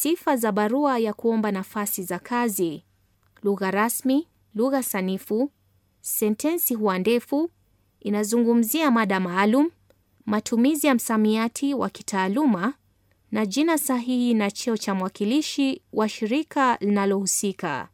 Sifa za barua ya kuomba nafasi za kazi: lugha rasmi, lugha sanifu, sentensi huwa ndefu, inazungumzia mada maalum, matumizi ya msamiati wa kitaaluma na jina sahihi na cheo cha mwakilishi wa shirika linalohusika.